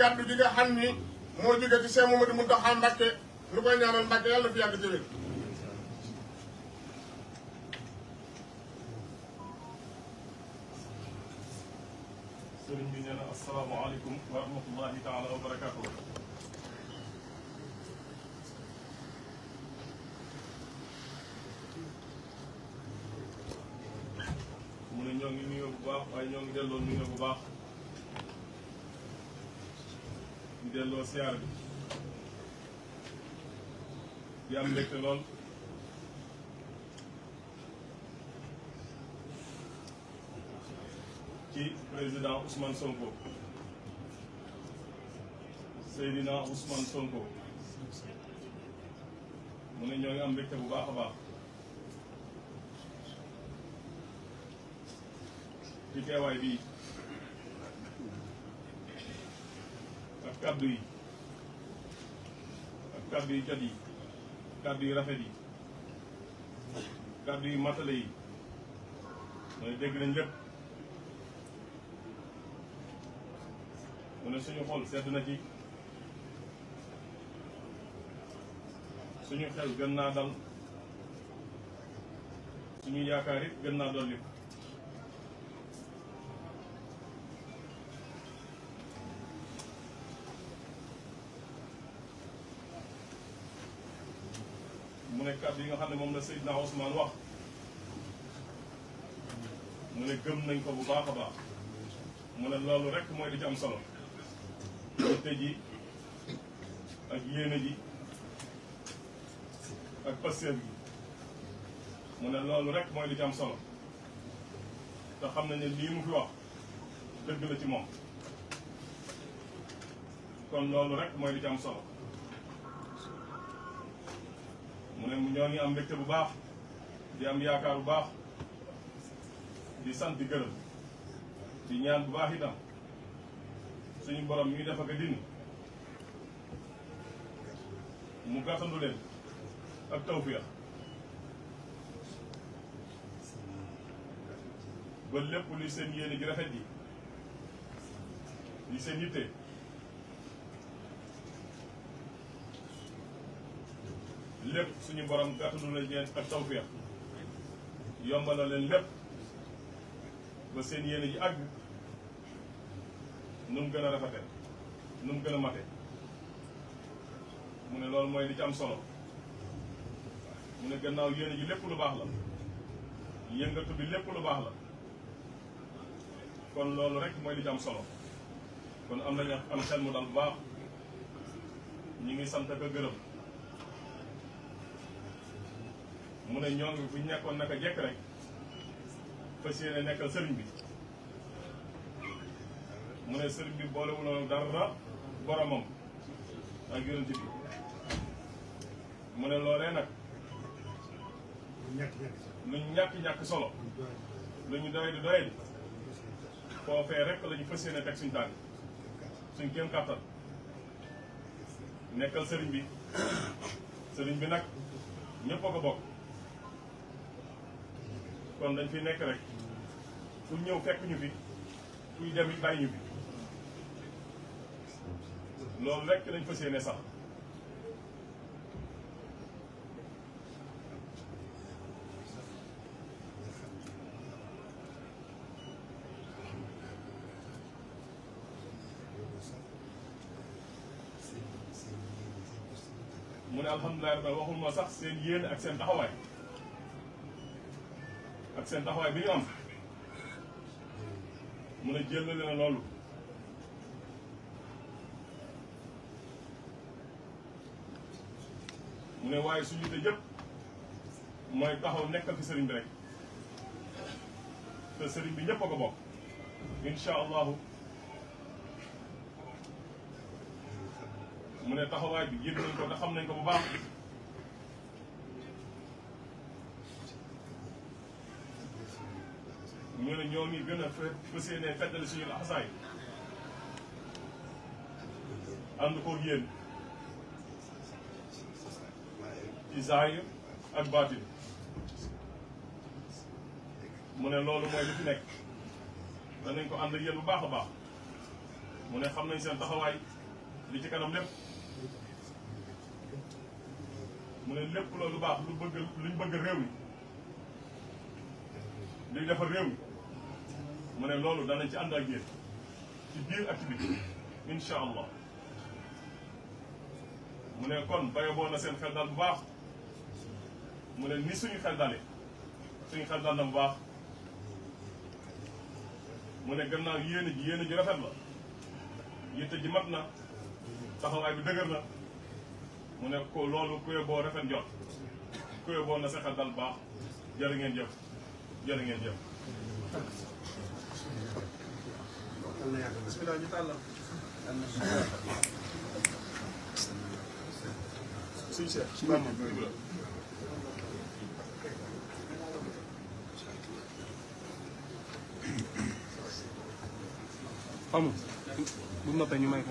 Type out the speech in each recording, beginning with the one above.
kàddu gi nga xam ni moo jóge ci Cheikh Mamadou Mountakha Mbacké lu koy ñaanal Mbacké yàlla na fi yàgg jëlee sëriñ na asalaamaaleykum wa rahmatullahi mu ne ñoo ngi nuyoo bu baax waaye ñoo ngi delloo nuyoo bu baax delloo siyaar bi di lool ci président Ousmane Sonko Seydina Ousmane Sonko mu ne ñoo ngi am mbégte bu baax a baax ci teewaay ak kàddu yi ak kàddu yi jot yi kàddu yi rafet yi kàddu yi matale yi mooy dégg nañ lépp mu ne suñu xol sedd na ci suñu xel gën naa dal ñu yaakaar it gën naa dolli ko ne kàddu yi nga xam ne moom la Seydina Ousmane wax mu ne gëm nañ ko bu baax a baax mu ne loolu rekk mooy li ci am solo ji ak yéene ji ak passeer gi mu ne loolu rek mooy di ci am solo te xam nañ ne lii ci moom kon loolu rek mooy di ci am solo mu ne ñoo ngi am mbégte bu baax di am yaakaar bu baax di sant di gërëm di ñaan bu baax itam suñu borom mi def ak a dindi mu gàttandu leen ak tawfiix ba lépp li seen yéene ji rafet ji li seen yitte lépp suñu borom gàttanu la leen ak tawféex yombal na leen lépp ba seen yéene ji àgg nu gën a rafete nu mu gën a mate mu ne loolu mooy li ci am solo mu ne gannaaw yéene ji lépp lu baax la yëngatu bi lépp lu baax la kon loolu rek mooy li ci am solo kon am nañu am xel mu dal bu baax ñu ngi sant ak gërëm mu ne ñoo ngi fu ñu nekkoon naka jekk rek fas yéene nekkal sëriñ bi mu ne sëriñ bi boolewuloon dara boromam ak yonent bi mu ne loolee nag lu ñu ñàkk solo lu ñu doy di doy di foofee rek la ñu fas yéene teg suñu tànk suñ kéem kàttan nekkal sëriñ bi sëriñ bi nag ñëpp ko bokk kon lañ fi nekk rek kuy ñëw fekk ñu fi kuy dem it bàyyi ñu fi loolu rek lañ fas yéene sax mu ne am waxul ma sax seen yéen ak seen taxawaay ak seen taxawaay bi ñu am mu ne jëlale na loolu mu ne waaye suñu te yëpp mooy taxaw nekk fi sëriñ bi rek te sëriñ bi ñëpp a ko bokk incha allahu mu ne taxawaay bi yëg nañ ko te xam nañ ko bu baax ñu ne ñoom yi gën a fas yéene feddali suñu laxasaay ànd koog yéen ci zaahir ak baatin mu ne loolu mooy li fi nekk ko ànd ak yéen bu baax a baax mu ne xam nañ seen taxawaay li ci kanam lépp mu ne lépp loolu baax lu bëgg luñ bëgg réew mi luy defar réew mi mu ne loolu danañ ci ànd ak yéen ci biir activité incha allah mu ne kon bayoboo na seen xel daal bu baax mu ne ni suñu xel dalee suñu xel daal na bu baax mu ne gannaaw yéene ji yéene ji rafet la yitte ji mat na taxawaay bi dëgër na mu ne ko loolu ku boo rafet jot kuye boo na sa xel daal bu baax jërë ngeen jëf jërë xam nga bu noppee ñu may ko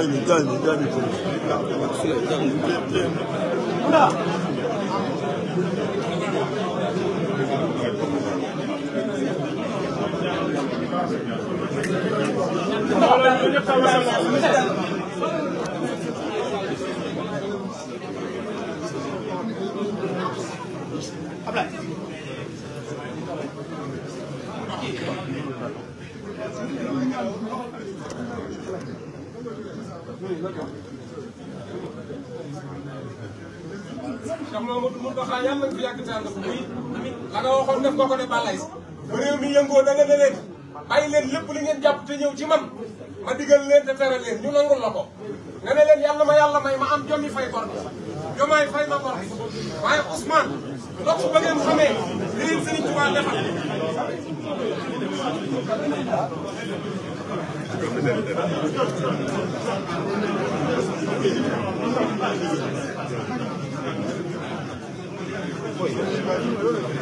Gani, Gani, Gani. Da. Thank you. Cheikh Mamadou Mountakha yàlla na fi yàgg te ànd ak muy la nga waxoon def nga ko ne Balaye si. ba réew mi yëngoo da nga ne leen li ngeen jàpp te ñëw ci man ma digal leen te tere leen ñu nangul la ko. nga yàlla ma yàlla may ma am jommi fay bor bi fay ma bor bi waaye Ousmane ndox ba ngeen xamee li leen Serigne Touba defal. Thank you.